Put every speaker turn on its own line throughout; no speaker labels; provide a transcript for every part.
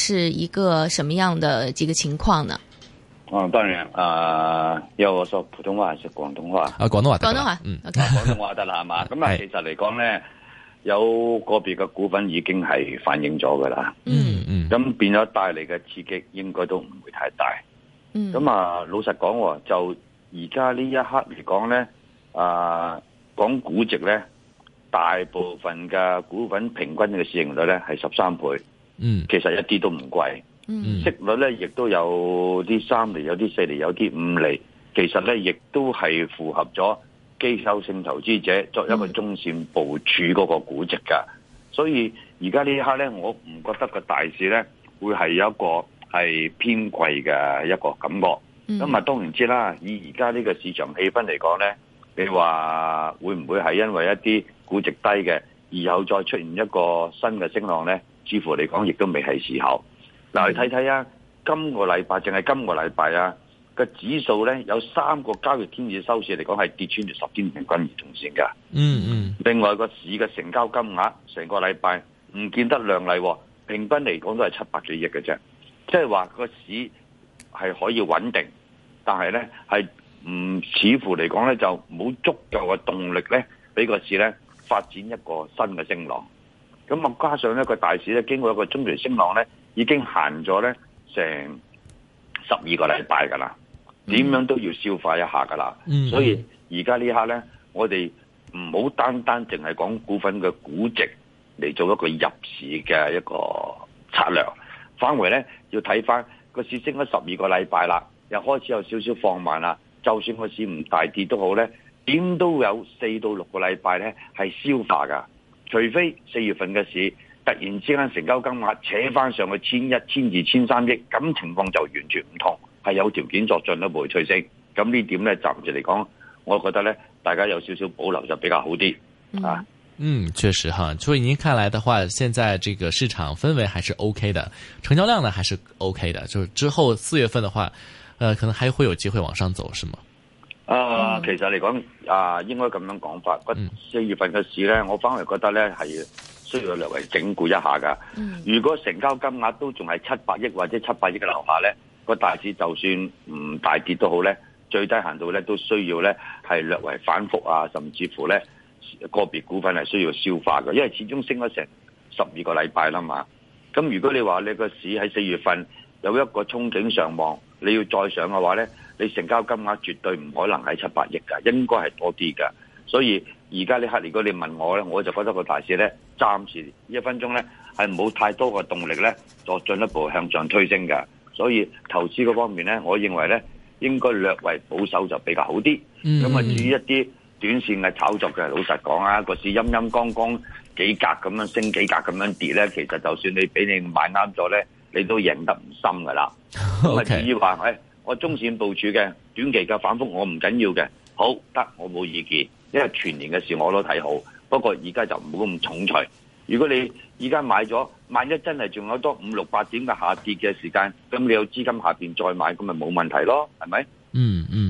是一個什麼樣的幾個情況呢？
嗯、啊，當然，啊、呃，要我說普通話還是廣東話？啊，廣東話，廣東話，嗯，好、okay. 啊，廣東話得啦，係嘛？咁啊，其實嚟講呢，有個別嘅股份已經係反映咗噶啦。嗯嗯。咁變咗帶嚟嘅刺激應該都唔會太大。嗯。咁啊，老實講，就而家呢一刻嚟講呢，啊，講估值呢，大部分嘅股份平均嘅市盈率呢係十三倍。嗯，其實一啲都唔貴，嗯，息率咧亦都有啲三厘、有啲四厘、有啲五厘。其實咧，亦都係符合咗機構性投資者作為一個中線部署嗰個估值噶、嗯。所以而家呢一刻咧，我唔覺得個大市咧會係有一個係偏貴嘅一個感覺。咁、嗯、啊，當然知啦，以而家呢個市場氣氛嚟講咧，你話會唔會係因為一啲估值低嘅，而後再出現一個新嘅升浪咧？似乎嚟講亦都未係時候。嗱，你睇睇啊，今個禮拜淨係今個禮拜啊，個指數咧有三個交易天嘅收市嚟講係跌穿住十天平均移動線㗎。嗯嗯。另外個市嘅成交金額成個禮拜唔見得量嚟，平均嚟講都係七百幾億嘅啫。即係話個市係可以穩定，但係咧係唔似乎嚟講咧就冇足夠嘅動力咧，俾個市咧發展一個新嘅升浪。咁啊，加上咧個大市咧經過一個中期升浪咧，已經行咗咧成十二個禮拜㗎啦，點樣都要消化一下㗎啦。Mm-hmm. 所以而家呢刻咧，我哋唔好單單淨係講股份嘅估值嚟做一個入市嘅一個策略。返回咧要睇翻個市升咗十二個禮拜啦，又開始有少少放慢啦。就算個市唔大跌都好咧，點都有四到六個禮拜咧係消化㗎。除非四月份嘅市突然之間成交金額扯翻上去千一千二千三億，咁情況就完全唔同，係有條件作進一步嘅提升。咁呢點咧，暫時嚟講，我覺得咧，大家有少少保留就比較好啲
啊。
嗯，嗯，確實哈。所以您看嚟嘅話，現在這個市場氛圍還是 OK 的，成交量呢還是 OK 的。就之後四月份嘅話，呃，可能還會有機會往上走，是嗎？
啊，其實嚟講，啊應該咁樣講法，四月份嘅市咧，我反而覺得咧係需要略為整固一下噶。如果成交金額都仲係七百億或者七百億嘅樓下咧，個大市就算唔大跌都好咧，最低限度咧都需要咧係略為反覆啊，甚至乎咧個別股份係需要消化嘅，因為始終升咗成十二個禮拜啦嘛。咁如果你話你個市喺四月份有一個憧憬上望，你要再上嘅話咧？你成交金額絕對唔可能係七八億㗎，應該係多啲㗎。所以而家呢刻如果你問我咧，我就覺得個大市咧，暫時一分鐘咧係冇太多個動力咧，作進一步向上推升㗎。所以投資嗰方面咧，我認為咧應該略為保守就比較好啲。咁、嗯、啊，那至於一啲短線嘅炒作嘅，老實講啊，個市陰陰剛剛幾格咁樣升幾格咁樣跌咧，其實就算你俾你買啱咗咧，你都贏得唔深㗎啦。Okay. 至於話咧。哎我中線部署嘅短期嘅反覆我唔緊要嘅，好得我冇意見，因為全年嘅事我都睇好。不過而家就唔好咁重錘。如果你而家買咗，萬一真係仲有多五六百點嘅下跌嘅時間，咁你有資金下邊再買，咁咪冇問題咯，係咪？嗯嗯。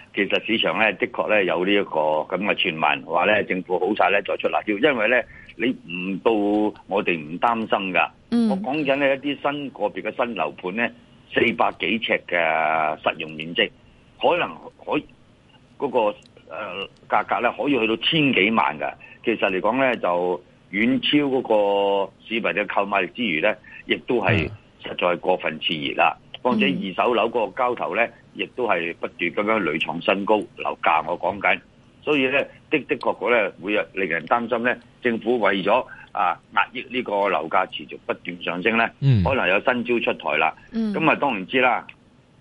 其實市場咧，的確咧有呢一個咁嘅傳聞，話咧政府好晒咧再出辣招，因為咧你唔到我哋唔擔心㗎。Mm. 我講緊呢，一啲新個別嘅新樓盤咧，四百幾尺嘅實用面積，可能可嗰個誒價格咧可以去到千幾萬㗎。其實嚟講咧就遠超嗰個市民嘅購買力之餘咧，亦都係實在過分熾熱啦。況且二手樓嗰個交投咧。亦都係不斷咁樣屢創新高樓價，我講緊，所以咧的的確確咧會啊令人擔心咧。政府為咗啊壓抑呢個樓價持續不斷上升咧，嗯、可能有新招出台啦。咁啊，當然知啦。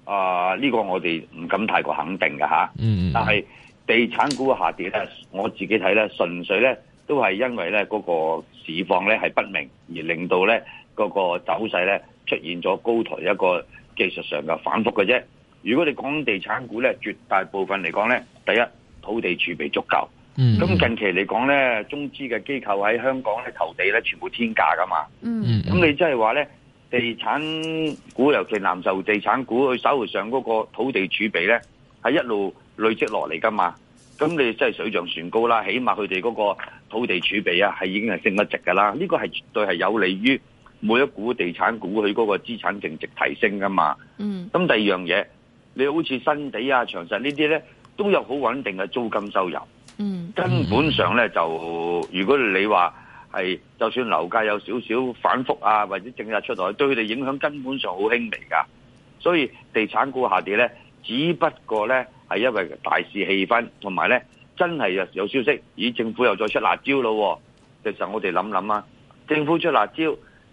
啊，呢、呢個我哋唔敢太過肯定㗎。但係地產股嘅下跌咧，我自己睇咧，純粹咧都係因為咧嗰個市況咧係不明，而令到咧嗰個走勢咧出現咗高台一個技術上嘅反覆嘅啫。如果你講地產股咧，絕大部分嚟講咧，第一土地儲備足夠，咁、mm-hmm. 近期嚟講咧，中資嘅機構喺香港咧投地咧全部天價噶嘛，咁、mm-hmm. 你即係話咧地產股，尤其藍籌地產股，佢手頭上嗰個土地儲備咧，係一路累積落嚟噶嘛，咁你即係水漲船高啦，起碼佢哋嗰個土地儲備啊係已經係升得值噶啦，呢、這個係絕對係有利於每一股地產股佢嗰個資產淨值提升噶嘛，咁、mm-hmm. 第二樣嘢。你好似新地啊、長實呢啲呢都有好穩定嘅租金收入。嗯，根本上呢，就，如果你話係，就算樓價有少少反覆啊，或者政策出嚟，對佢哋影響根本上好輕微㗎。所以地產股下跌呢，只不過呢係因為大市氣氛，同埋呢真係有有消息，咦？政府又再出辣椒咯、啊？其實我哋諗諗啊，政府出辣椒，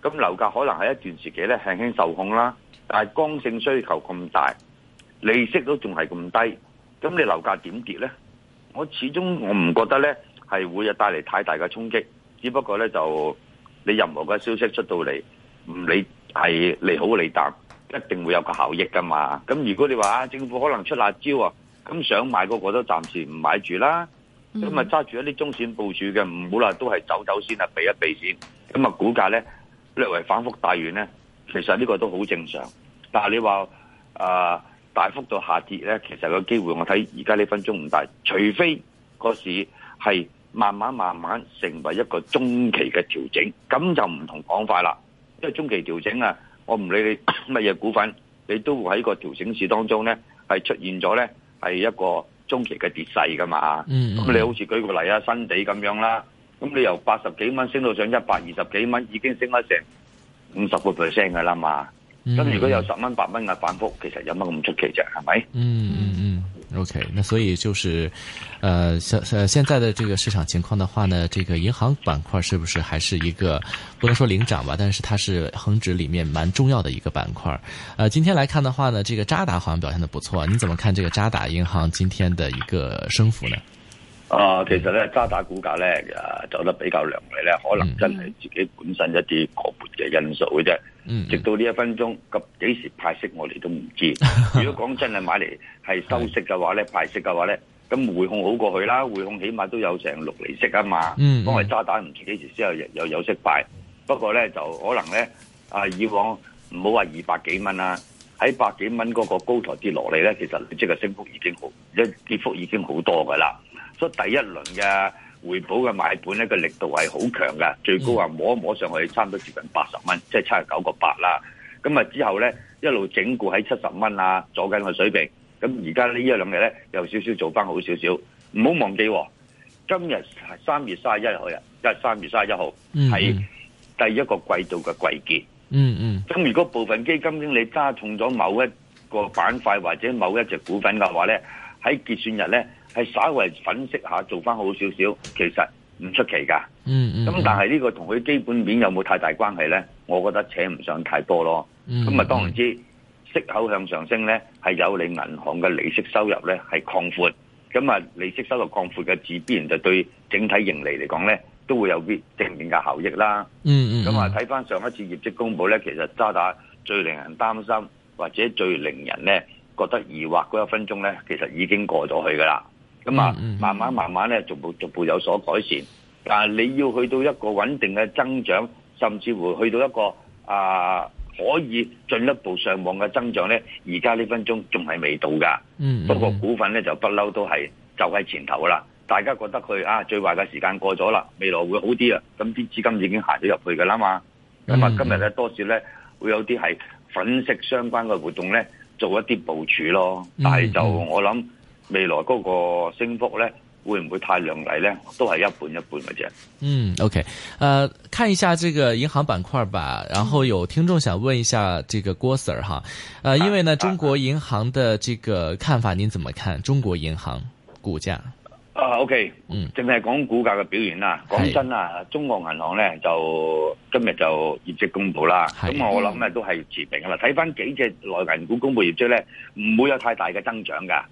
咁樓價可能係一段時期呢輕輕受控啦，但係剛性需求咁大。利息都仲係咁低，咁你樓價點跌呢？我始終我唔覺得呢係會有帶嚟太大嘅衝擊，只不過呢，就你任何嘅消息出到嚟，唔理係利好利淡，一定會有個效益噶嘛。咁如果你話啊，政府可能出辣招啊，咁想買個都暫時唔買住啦，咁咪揸住一啲中線部署嘅，唔好啦都係走走先啊，避一避先。咁啊股價呢，略為反覆大院呢。其實呢個都好正常。但係你話啊？呃大幅度下跌咧，其實個機會我睇而家呢分鐘唔大，除非個市係慢慢慢慢成為一個中期嘅調整，咁就唔同講法啦。因為中期調整啊，我唔理你乜嘢股份，你都會喺個調整市當中咧，係出現咗咧係一個中期嘅跌勢噶嘛。咁、嗯嗯、你好似舉個例啊，新地咁樣啦，咁你由八十幾蚊升到上一百二十幾蚊，已經升咗成五十個 percent 噶啦嘛。咁如果有十蚊八蚊嘅反幅，其實
有乜咁出奇啫，係咪？嗯嗯嗯，OK。那所以就是，呃，現呃現在的這個市場情況的話呢，這個銀行板塊是不是還是一個不能說領漲吧，但是它是恒指裡面蠻重要的一個板塊。呃，今天來看的話呢，這個渣打好像表現得不錯，你怎麼看這個渣打銀行今天的一個升幅呢？
啊，其實咧，渣打股價咧，誒、啊，走得比較良麗咧，可能真係自己本身一啲個別嘅因素嘅啫。Mm-hmm. 直到呢一分鐘，咁幾時派息我哋都唔知。 如果講真係買嚟係收息嘅話咧，派息嘅話咧，咁匯控好過去啦，匯控起碼都有成六厘息啊嘛。嗯，因為渣打唔知幾時先後又有息派。不過咧，就可能咧，啊，以往唔好話二百幾蚊啦，喺百幾蚊嗰個高台跌落嚟咧，其實你即係升幅已經好，一跌幅已經好多噶啦。所以第一輪嘅回補嘅買盤咧，個力度係好強嘅，最高啊摸一摸上去差唔多接近八十蚊，即係七十九個八啦。咁啊之後咧，一路整固喺七十蚊啊左近嘅水平。咁而家呢一兩日咧，又少少做翻好少少。唔好忘記，哦，今日三月三一號日三十一號，即係三月三十一號係第一個季度嘅季結。嗯
嗯。
咁如果部分基金經理加重咗某一個板塊或者某一隻股份嘅話咧，喺結算日咧。係稍為粉飾下，做翻好少少，其實唔出奇㗎。嗯嗯。
咁但
係呢個同佢基本面有冇太大關係咧？我覺得扯唔上太多咯。
咁、嗯、啊，嗯、當
然知，息口向上升咧，係有利銀行嘅利息收入咧，係擴闊。咁啊，利息收入擴闊嘅字，必然就對整體盈利嚟講咧，都會有啲正面嘅效益啦。
嗯嗯。咁
啊，睇翻上一次業績公佈咧，其實渣打最令人擔心或者最令人咧覺得疑惑嗰一分鐘咧，其實已經過咗去㗎啦。咁、嗯、啊、嗯，慢慢慢慢咧，逐步逐步有所改善。但係你要去到一個穩定嘅增長，甚至乎去到一個啊可以進一步上網嘅增長咧，而家呢分鐘仲係未到噶。嗯，嗯，嗯，不過股份咧就不嬲都係就喺、是、前頭噶啦。大家覺得佢啊最壞嘅時間過咗啦，未來會好啲啊。咁啲資金已經行咗入去噶啦嘛。
咁、嗯、啊、嗯嗯，今日
咧多數咧會有啲係粉飾相關嘅活動咧，做一啲部署咯。
但係就嗯嗯
嗯我諗。未來嗰個升幅咧，會唔會太亮麗咧？都係一半一半嘅啫。嗯
，OK，誒、
呃，看一下這個銀行板塊吧。然後有聽眾想問一下，這個郭 Sir 哈，誒，因為呢、啊、中國銀行的這個看法，啊、您怎麼看中國銀行股價？
啊，OK，嗯，淨係講股價嘅表現啦。講真啊，中國銀行咧、啊 okay, 嗯、就今日就業績公布啦。咁我諗咧都係持平噶啦。睇、嗯、翻幾隻內銀股公布業績咧，唔會有太大嘅增長噶。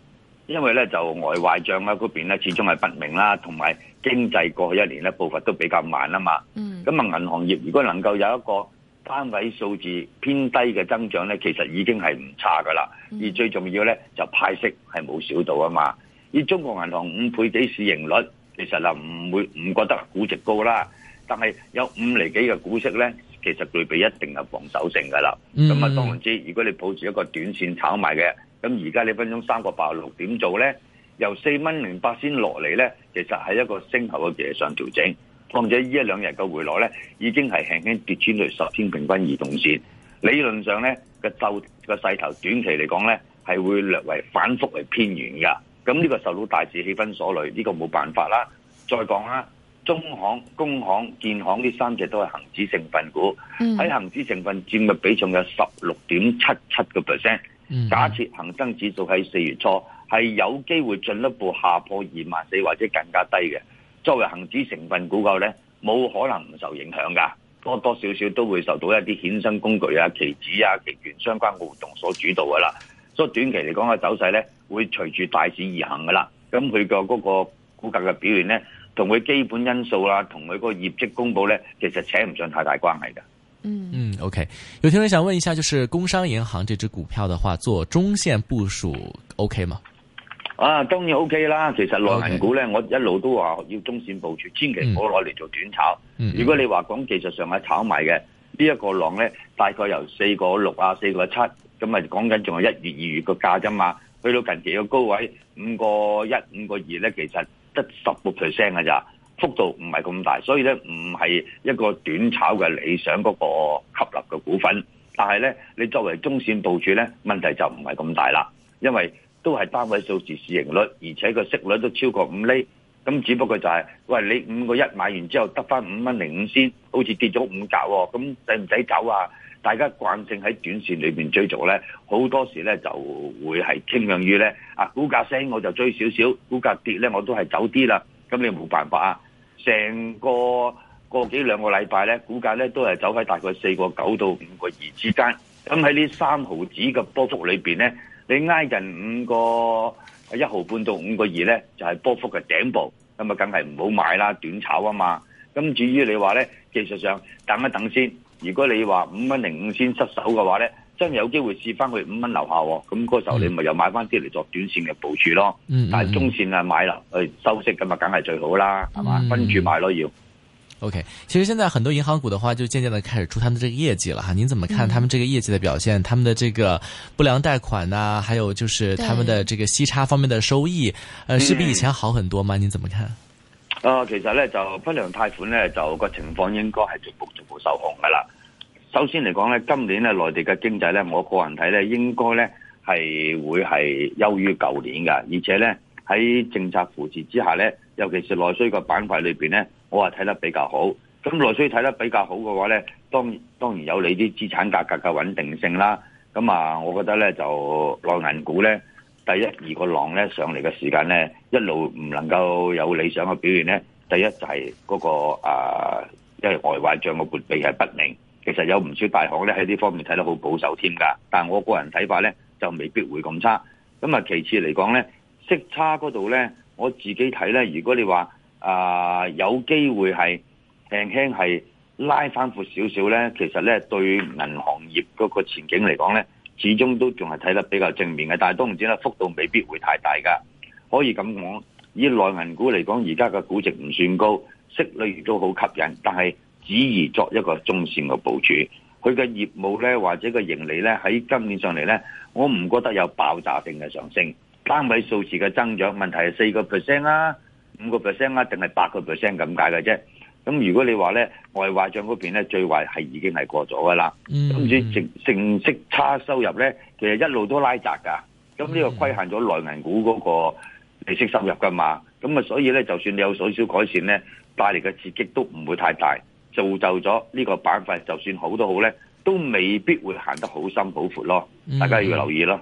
因為咧就外壞帳啊嗰邊咧始終係不明啦，同埋經濟過去一年咧步伐都比較慢啊嘛。咁、嗯、啊，銀行業如果能夠有一個單位數字偏低嘅增長咧，其實已經係唔差噶啦。而最重要咧就派息係冇少到啊嘛。而中國銀行五倍幾市盈率，其實呢唔會唔覺得估值高啦。但係有五厘幾嘅股息咧，其實具備一定係防守性噶啦。
咁、嗯、啊，當然
之，如果你抱住一個短線炒賣嘅。咁而家呢分鐘三個八六點做咧，由四蚊零八仙落嚟咧，其實係一個升頭嘅技術上調整。況且呢一兩日嘅回落咧，已經係輕輕跌穿咗十天平均移動線。理論上咧，個就個勢頭短期嚟講咧，係會略為反覆為偏軟噶。咁呢個受到大市氣氛所累，呢個冇辦法啦。再講啦，中行、工行、建行呢三隻都係恒指成分股，喺恒指成分佔嘅比重有十六點七七個 percent。嗯、假設恒生指數喺四月初係有機會進一步下破二萬四或者更加低嘅，作為恒指成分股夠咧，冇可能唔受影響噶，多多少少都會受到一啲衍生工具啊、期指啊、期權相關嘅活動所主導噶啦。所以短期嚟講嘅走勢咧，會隨住大市而行噶啦。咁佢個嗰個股價嘅表現咧，同佢基本因素啊，同佢嗰個業績公佈咧，其實扯唔上太大關係噶。
嗯嗯，OK。有聽人想問一下，就是工商銀行這支股票的話，做中線部署 OK
嗎？
啊，當然 OK 啦。其實內銀股咧，我一路都話要中線部署，okay. 千祈唔好攞嚟做短炒。嗯、如果你話講技術上係炒賣嘅，呢、嗯、一、嗯，這個浪咧大概由四個六啊，四個七，咁啊講緊仲有一月二月個價啫嘛。去到近期嘅高位五個一五個二咧，其實得十六 percent 嘅咋。幅度唔係咁大，所以咧唔係一個短炒嘅理想嗰個吸納嘅股份。但係咧，你作為中線部署咧，問題就唔係咁大啦，因為都係單位數字市盈率，而且個息率都超過五厘。咁只不過就係、是，喂，你五個一買完之後得返五蚊零五先，好似跌咗五格喎，咁使唔使走啊？大家慣性喺短線裏面追逐咧，好多時咧就會係傾向於咧，啊，股價升我就追少少，股價跌咧我都係走啲啦。咁你冇辦法啊？成個，個幾兩個禮拜咧，股價咧都係走喺大概四個九到五個二之間。咁喺呢三毫子嘅波幅裏邊咧，你挨近五個一毫半到五個二咧，就係、是、波幅嘅頂部。咁、嗯、啊，梗係唔好買啦，短炒啊嘛。咁、嗯、至於你話咧，技術上等一等先。如果你話五蚊零五先失手嘅話咧，真係有機會試翻佢五蚊樓下喎、哦，咁嗰時候你咪又買翻啲嚟作短線嘅部署咯。嗯、但係中線啊買啦，去、哎、收息嘅嘛，梗係最好啦，係、嗯、嘛？分住買咯要。
OK，其實現在很多銀行股嘅話，就漸漸的開始出他們這個業績啦。哈，您怎麼看他們這個業績嘅表現、嗯？他們的這個不良貸款啊，還有就是他們的這個息差方面的收益，呃，是比以前好很多嗎？您、嗯、怎麼看？
啊、呃，其實呢，就不良貸款呢，就個情況應該係逐步逐步受控嘅啦。首先嚟講咧，今年咧內地嘅經濟咧，我個人睇咧應該咧係會係優於舊年嘅，而且咧喺政策扶持之下咧，尤其是內需個板塊裏面咧，我係睇得比較好。咁內需睇得比較好嘅話咧，當當然有你啲資產價格嘅穩定性啦。咁啊，我覺得咧就內銀股咧第一二個浪咧上嚟嘅時間咧一路唔能夠有理想嘅表現咧，第一就係嗰、那個啊、呃，因為外匯帳嘅撥備係不明。其實有唔少大行咧喺呢方面睇得好保守添㗎，但我個人睇法咧就未必會咁差。咁啊，其次嚟講咧，息差嗰度咧，我自己睇咧，如果你話啊有機會係輕輕係拉翻闊少少咧，其實咧對銀行業嗰個前景嚟講咧，始終都仲係睇得比較正面嘅。但都唔知啦，幅度未必會太大㗎。可以咁講，以內銀股嚟講，而家嘅估值唔算高，息率亦都好吸引，但係。只而作一個中線嘅部署，佢嘅業務咧或者個盈利咧喺今年上嚟咧，我唔覺得有爆炸性嘅上升，單位數字嘅增長問題係四個 percent 啦，五個 percent 啦，定係八個 percent 咁解嘅啫。咁如果你話咧外壞帳嗰邊咧最壞係已經係過咗噶啦，咁至於淨息差收入咧，其實一路都拉窄㗎。咁呢個規限咗內銀股嗰個利息收入㗎嘛。咁啊，所以咧就算你有少少改善咧，帶嚟嘅刺激都唔會太大。造就咗呢個板塊就算好都好咧，都未必會行得好深好闊咯。大家要留意咯。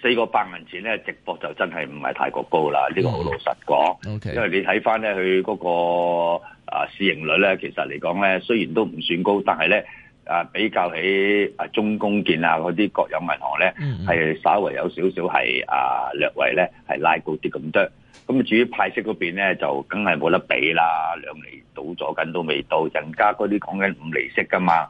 四個百蚊錢咧，直播就真係唔係太過高啦，呢、這個好老實講、嗯 okay。因為你睇翻咧，佢嗰、那個啊市盈率咧，其實嚟講咧，雖然都唔算高，但係咧啊比較起啊中工建啊嗰啲國有銀行咧，係、嗯嗯、稍為有少少係啊略為咧係拉高啲咁多。咁至於派息嗰邊咧，就梗係冇得比啦，兩厘到咗緊都未到，人家嗰啲講緊五厘息噶嘛。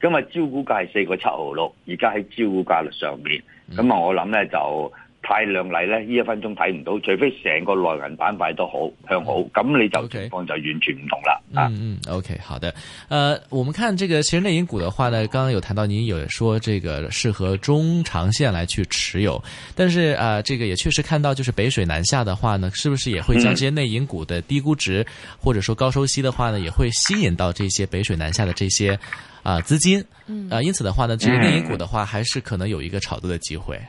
今日招股價係四個七毫六，而家喺招股價率上面，咁啊我諗咧就。太靚麗呢，呢一分鐘睇唔到，除非成個內銀板塊都好向好，咁你就、okay. 情況就完全唔同啦、
啊。嗯
嗯，OK，好的。呃、uh，我們看這個，其實內銀股的話呢，剛剛有談到，您有說這個適合中長線來去持有，但是啊，uh, 這個也確實看到，就是北水南下的話呢，是不是也會將這些內銀股的低估值，嗯，或者說高收息的話呢，也會吸引到這些北水南下的這些啊資、uh, 金。嗯。啊，因此的話呢，這個內銀股的話，還是可能有一個炒作的機會。嗯嗯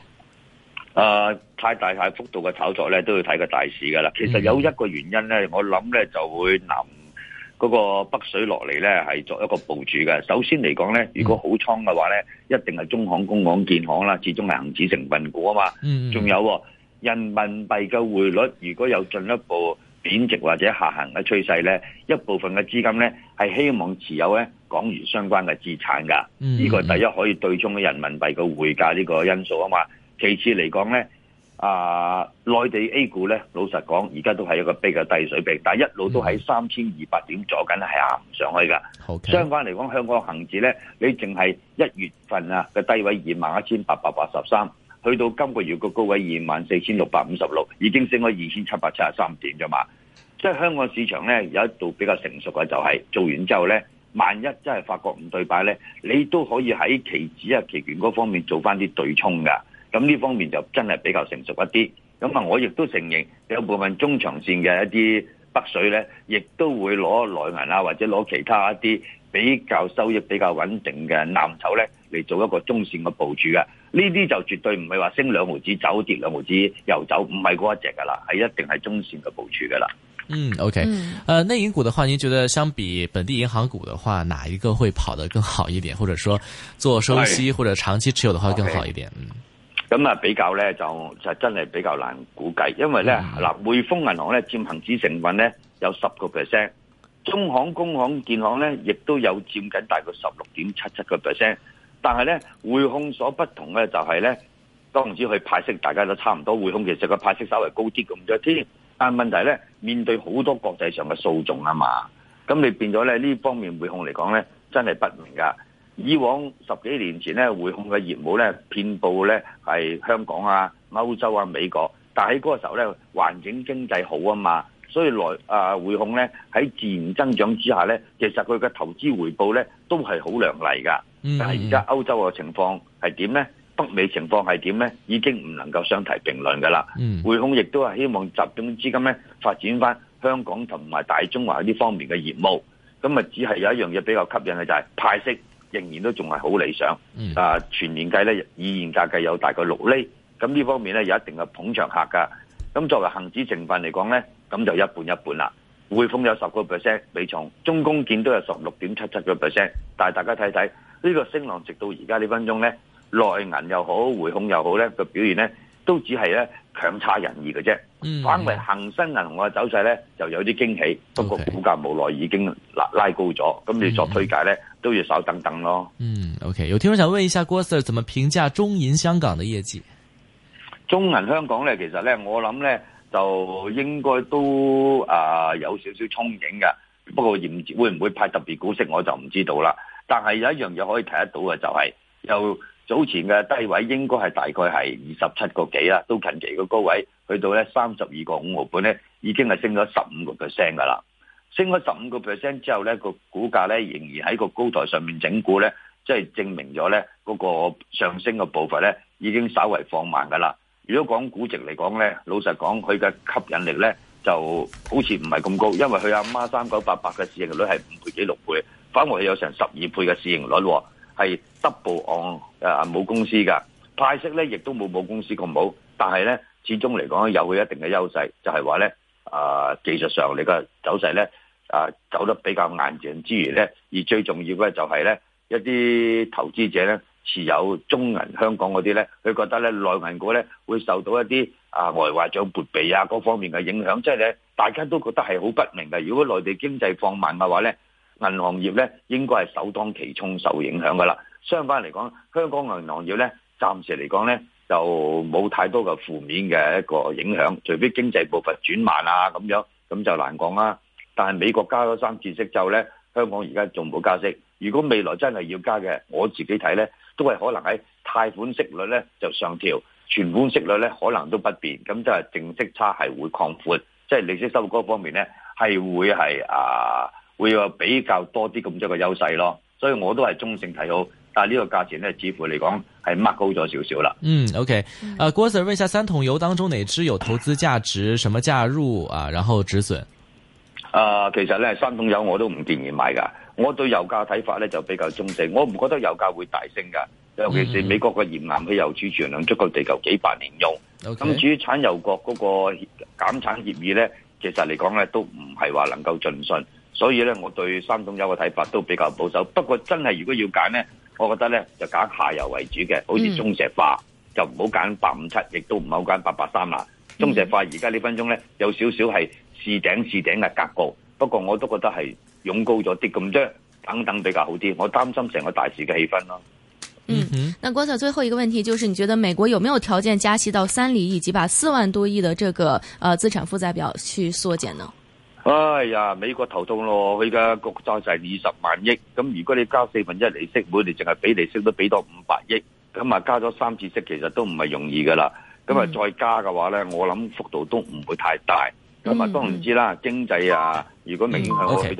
誒、呃，太大太幅度嘅炒作咧，都要睇個大市噶啦。其實有一個原因咧，我諗咧就會南嗰個北水落嚟咧，係作一個部署嘅。首先嚟講咧，如果好倉嘅話咧，一定係中行、工行、建行啦，始終係恒指成分股啊嘛。嗯。仲有，人民幣嘅匯率如果有進一步貶值或者下行嘅趨勢咧，一部分嘅資金咧係希望持有咧港元相關嘅資產噶。呢、這個第一可以對沖嘅人民幣嘅匯價呢個因素啊嘛。其次嚟講咧，啊、呃，內地 A 股咧，老實講，而家都係一個比較低水平，但係一路都喺三千二百點左緊係行唔上去㗎。Okay. 相關嚟講，香港恒指咧，你淨係一月份啊嘅低位二萬一千八百八十三，去到今個月嘅高位二萬四千六百五十六，已經升咗二千七百七十三點啫嘛。即係香港市場咧有一度比較成熟嘅、就係，就係做完之後咧，萬一真係發覺唔對擺咧，你都可以喺期指啊、期權嗰方面做翻啲對沖㗎。咁呢方面就真係比較成熟一啲，咁啊我亦都承認有部分中長線嘅一啲北水呢，亦都會攞內銀啊，或者攞其他一啲比較收益比較穩定嘅藍籌呢，嚟做一個中線嘅部署啊。呢啲就絕對唔係話升兩毫子走，跌兩毫子又走，唔係嗰一隻噶啦，係一定係中線嘅部署噶啦。
嗯，OK，誒、嗯，內、呃、銀股的話，你覺得相比本地銀行股的話，哪一個會跑得更好一點？或者說做收息或者長期持有的話更好一點？嗯。Okay.
嗯咁啊，比較咧就就真係比較難估計，因為咧嗱、嗯，匯豐銀行咧佔恆指成分咧有十個 percent，中行、工行、建行咧亦都有佔緊大概十六點七七個 percent。但係咧匯控所不同咧就係咧，當之佢派息大家都差唔多，匯控其實個派息稍微高啲咁多添。但係問題咧，面對好多國際上嘅訴訟啊嘛，咁你變咗咧呢方面匯控嚟講咧真係不明噶。以往十幾年前咧，匯控嘅業務咧，遍佈咧係香港啊、歐洲啊、美國。但係嗰個時候咧，環境經濟好啊嘛，所以來啊匯控咧喺自然增長之下咧，其實佢嘅投資回報咧都係好良麗噶、
嗯。但係而家
歐洲嘅情況係點咧？北美情況係點咧？已經唔能夠相提並論噶啦、嗯。匯控亦都係希望集中資金咧發展翻香港同埋大中華呢方面嘅業務。咁啊，只係有一樣嘢比較吸引嘅就係、是、派息。仍然都仲係好理想，啊全年計咧，以現價計有大概六厘，咁呢方面咧有一定嘅捧場客㗎。咁作為恒指成分嚟講咧，咁就一半一半啦。匯豐有十個 percent 比重，中工建都有十六點七七個 percent，但係大家睇睇呢個升浪直到而家呢分鐘咧，內銀又好，匯控又好咧，個表現咧。都只係咧強差人意嘅啫，反為恒生銀行嘅走勢咧就有啲驚喜，不過股價無耐已經拉拉高咗，咁你作推介咧都要稍等等咯。
嗯，OK，有聽眾想問一下郭 Sir，怎麼評價中銀香港嘅業績？
中銀香港咧，港其實咧，我諗咧就應該都啊有少少憧憬㗎。不過嚴會唔會派特別股息我就唔知道啦。但係有一樣嘢可以睇得到嘅就係又。早前嘅低位應該係大概係二十七個幾啦，都近期嘅高位去到咧三十二個五毫半咧，已經係升咗十五個 percent 噶啦。升咗十五個 percent 之後咧，個股價咧仍然喺個高台上面整固咧，即係證明咗咧嗰個上升嘅步伐咧已經稍為放慢噶啦。如果講估值嚟講咧，老實講佢嘅吸引力咧就好似唔係咁高，因為佢阿媽三九八八嘅市盈率係五倍幾六倍，反而有成十二倍嘅市盈率。係 double on 啊！冇公司㗎派息咧，亦都冇冇公司咁好。但係咧，始終嚟講有佢一定嘅優勢，就係話咧啊，技術上你個走勢咧啊走得比較硬淨之餘咧，而最重要嘅就係咧一啲投資者咧持有中銀香港嗰啲咧，佢覺得咧內銀股咧會受到一啲啊外匯咗撥備啊各方面嘅影響，即係咧大家都覺得係好不明嘅。如果內地經濟放慢嘅話咧。銀行業咧，應該係首當其衝受影響噶啦。相反嚟講，香港銀行業咧，暫時嚟講咧，就冇太多嘅負面嘅一個影響，除非經濟步伐轉慢啊咁樣，咁就難講啦。但係美國加咗三次息之後咧，香港而家仲冇加息。如果未來真係要加嘅，我自己睇咧，都係可能喺貸款息率咧就上調，存款息率咧可能都不變。咁即係淨息差係會擴闊，即係利息收入嗰方面咧係會係啊。會有比較多啲咁多嘅優勢咯，所以我都係中性睇好，但係呢個價錢咧，似乎嚟講係擘高咗少少啦。
嗯，OK，阿、呃、郭 Sir，問下三桶油當中哪隻有投資價值？什麼價入啊？然後止損？
誒、呃，其實咧，三桶油我都唔建議買噶。我對油價睇法咧就比較中性，我唔覺得油價會大升噶。尤其是美國嘅頁岩氣油儲量能足夠地球幾百年用。咁、嗯嗯、至於產油國嗰個減產協議咧，其實嚟講咧都唔係話能夠盡信。所以咧，我對三桶油嘅睇法都比較保守。不過真係如果要揀呢，我覺得呢就揀下游為主嘅，好似中石化、嗯、就唔好揀八五七，亦都唔好揀八八三啦。中石化而家呢分鐘呢，有少少係試頂試頂嘅格局，不過我都覺得係擁高咗啲咁啫。等等比較好啲，我擔心成個大市嘅氣氛咯。嗯，
那郭生最後一個問題就是，你覺得美國有沒有條件加息到三厘，以及把四萬多億的這個呃資產負債表去縮減呢？
哎呀，美國頭痛咯，佢而家國債就係二十萬億，咁如果你交四分一利息，每年淨係俾利息都俾到五百億，咁啊加咗三次息，其實都唔係容易噶啦，咁啊再加嘅話咧，我諗幅度都唔會太大，咁啊當然知啦，經濟啊，如果影響我。